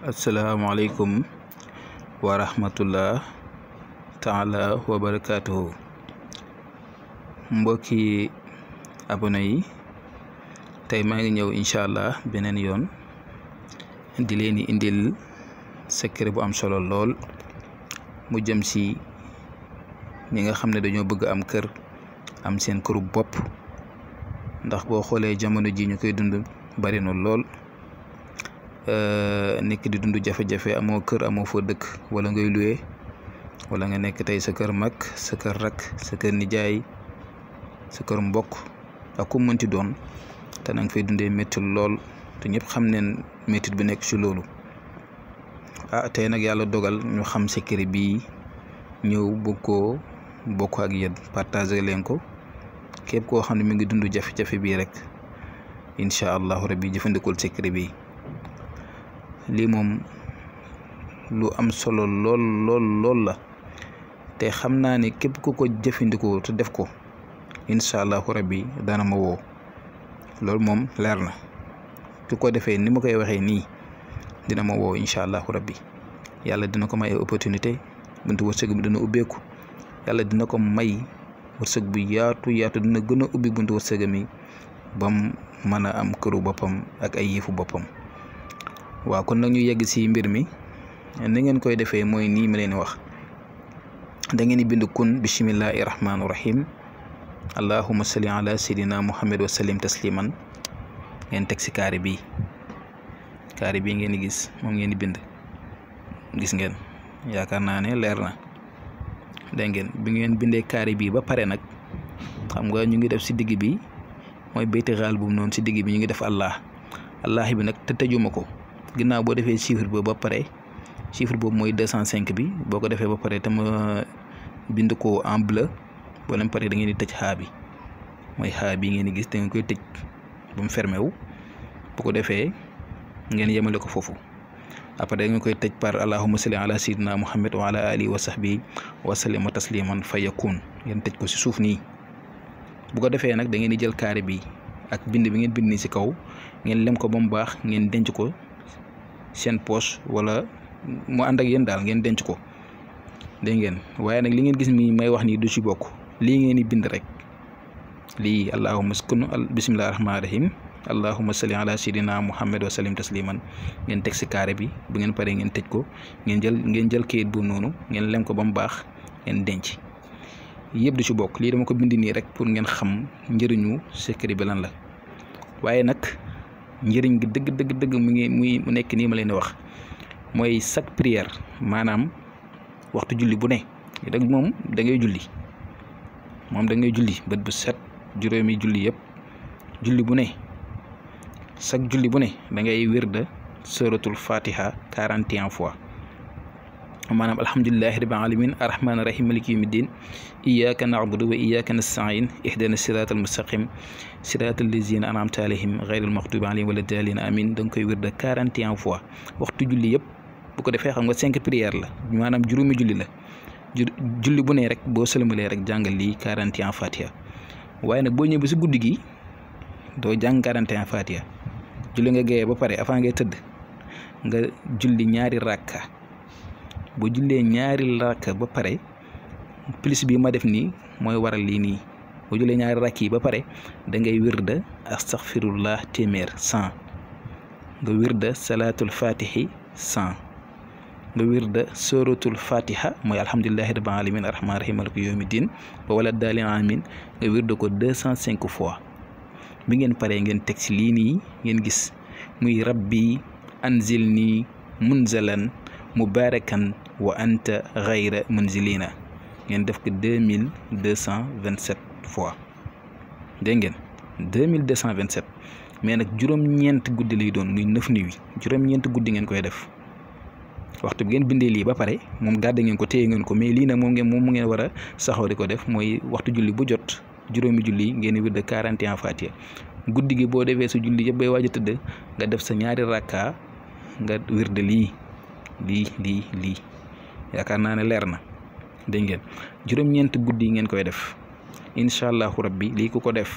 Assalamualaikum warahmatullah taala wabarakatuh. barakaatuhu mbokki abonné yi tay ma ngi ñew inshallah allah yoon di leen indil secret bu am solo lol mu jëm ci ñi nga xamne dañu bëgg am kër am seen këru bop ndax bo xolé jamono ji ñukay koy dund bari na lol. Euh, nekk di dund jafe-jafe amoo kër amoo foo dëkk wala ngay luwee wala nga nekk tey sa kër mag sa kër rak sa kër nijaay sa kër mbokk ak ku mënti doon te na nga fay dundee métti lool te ñëpp xam neen métit bi nekk ci loolu ah tey nag yàlla dogal ñu xam secret bi ñëw bëgg koo bokk ak yéen partager leen ko képp koo xam ne mu ngi dund jafe-jafe bii rek incha allahu rabbi jëfandikul secret bii lii moom lu am solo lool lool lool la te xam naa ne képp ku ko jëfandikoo te def ko incha allahu rabbi dana ma woo loolu moom leer na ku ko defee ni ma koy waxee nii dina ma woo incha allahu rabbi yàlla dina ko may opportunité buntu wërsëg bi dina ubbeeku yàlla dina ko may wërsëg bu yaatu yaatu dina gën a ubbi buntu wërsëg mi bam mën a am këru boppam ak ay yëfu boppam wa kon nak ñu yegg ci mbir mi ni ngeen koy defé moy ni ma leen wax da ngeen bind kun bismillahir rahmanir rahim allahumma salli ala sayidina muhammad wa sallim tasliman ngeen tek ci carré bi carré bi ngeen gis mom ngeen bind gis ngeen yaakaar naa ne leer na dégg ngeen bi ngeen bindé carré bi ba paré nak xam nga ñu ngi def ci digg bi moy béyti xaal non ci digg bi ñu ngi def allah allah bi nak te tëjuma ginnaaw boo defee chiffre boobu ba pare chiffre boobu mooy deux cent cinq bi boo ko defee ba pare tam euh, bind ko en bleu boo leen pare da ngeen di tëj xaa bi mooy xaa bi ngeen di gis da koy tëj ba mu fermé wu bu ko defee ngeen yemale ko foofu après da ngeen koy tëj par allahumma salli ala sayyidina muhammad wa ala alihi wa sahbi wa sallima tasliman fa yakun ngeen tëj ko si suuf nii bu ko defee nag da ngeen di jël carré bi ak bind bi ngeen bind si kaw ngeen lem ko ba mu baax ngeen denc ko seen poche wala mu ànd ak yenn daal ngeen denc ko dégg ngeen waaye nag li ngeen gis mi may wax nii du ci bokk lii ngeen di bind rek lii allahumma kun bismillahi rahmaani rahim allahumma salli ala sayyidina muhammad wa sallim tasliman ngeen teg si carré bi bu ngeen paree ngeen tëj ko ngeen jël ngeen jël kayit bu noonu ngeen lem ko ba mu baax ngeen yëpp du ci bokk lii dama ko bind nii rek pour ngeen xam njëriñu secret bi lan la waaye nag njëriñ gi dëgg dëgg dëgg mu ngi muy mu nekk nii ma leen wax mooy chaque prière maanaam waxtu julli bu ne dag moom da ngay julli moom da ngay julli bët bu set juróomi julli yëpp julli bu ne chaque julli bu ne da ngay wér de suratul fatiha 41 fois maanaam alhamdulilahi rabbil alamin arrahmaani rahim maliki yawmi din iyyaka na'budu wa iyyaka nasta'in ihdina siratal mustaqim siratal lazina an'amta alayhim ghayril maghdubi alayhim waladdallin amin da nga koy wirda 41 fois waxtu julli yëpp bu ko defee xam nga cinq prières la maanaam juróomi julli la julli bu ne rek boo sëlmalee rek jàngal lii 41 fatiha waaye nag boo ñëwee ba si guddi gi doo jàng 41 fatiha julli nga géeyee ba pare avant ngay tëdd nga julli ñaari rakka bu jullee ñaari rakk ba pare plus bi ma def nii mooy waral lii nii boo jullee ñaari rakk yi ba pare da ngay wirda astaghfirullah téeméer cent nga wirda salaatul fatihi cent nga wirda suratul fatiha mooy alhamdulillahi rabbil alamin arrahman rahim maliki yawmi din ba wala daalin amin nga wirda ko deux cent cinq fois bi ngeen paree ngeen teg ci lii nii ngeen gis muy rabbi anzilni munzalan mu kan wa anta lii munzilina ngeen def ko deux mille deux cent vingt sept fois dégg ngeen deux mille deux cent vingt sept mais nag juróom-ñeent guddi lay doon muy neuf nuits juróom-ñeent guddi ngeen koy def waxtu bi ngeen bindee lii ba pare moom gàdde ngeen ko téye ngeen ko mais lii nag moom ngeen moom ngeen war a saxoo ko def mooy waxtu julli bu jot juróomi julli ngeen wird 41 Faatiha guddi gi boo defee sa julli yëpp bay waaj a tëdd nga def sa ñaari rakka nga wird lii. lii lii lii yaakaar naa ne leer na dégg ngeen juróom-ñeent guddi yi ngeen koy e def inshallah rabbi lii ku ko def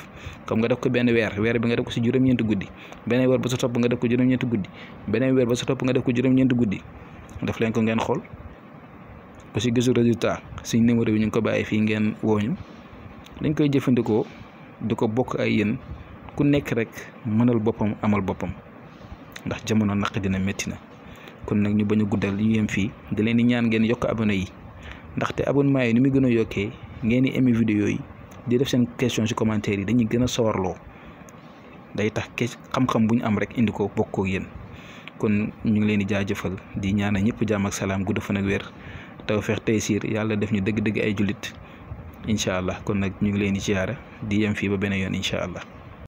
comme nga def ko benn weer weer bi nga def ko si juróom-ñeenti guddi beneen weer ba sa topp nga def ko juróom-ñeenti guddi beneen weer ba sa topp nga def ko juróom-ñeenti guddi def leen ko ngeen xol ba si gisu résultat suñ numéro bi ñu ko bàyyi fii ngeen wooñu dañ koy jëfandikoo di ko bokk ay yéen ku nekk rek mënal boppam amal boppam ndax jamono naq dina metti na kon nag ñu bañ a guddal ñu yem fii di leen di ñaan ngeen yokk abonné yi ndaxte abonnement yi ni muy gën a yokkee ngeen di aimé vidéo yi di def seen question ci commentaire yi dañuy gën a sawarloo day tax kes xam-xam bu ñu am rek indi ko bokkoo yéen kon ñu ngi leen di jaajëfal di ñaana ñëpp jàmm ak salaam gudd fan ak wér tawfeex taysiir yàlla def ñu dëgg-dëgg ay jullit incha allah kon nag ñu ngi leen di ziyaara di yem fii ba beneen yoon incha allah.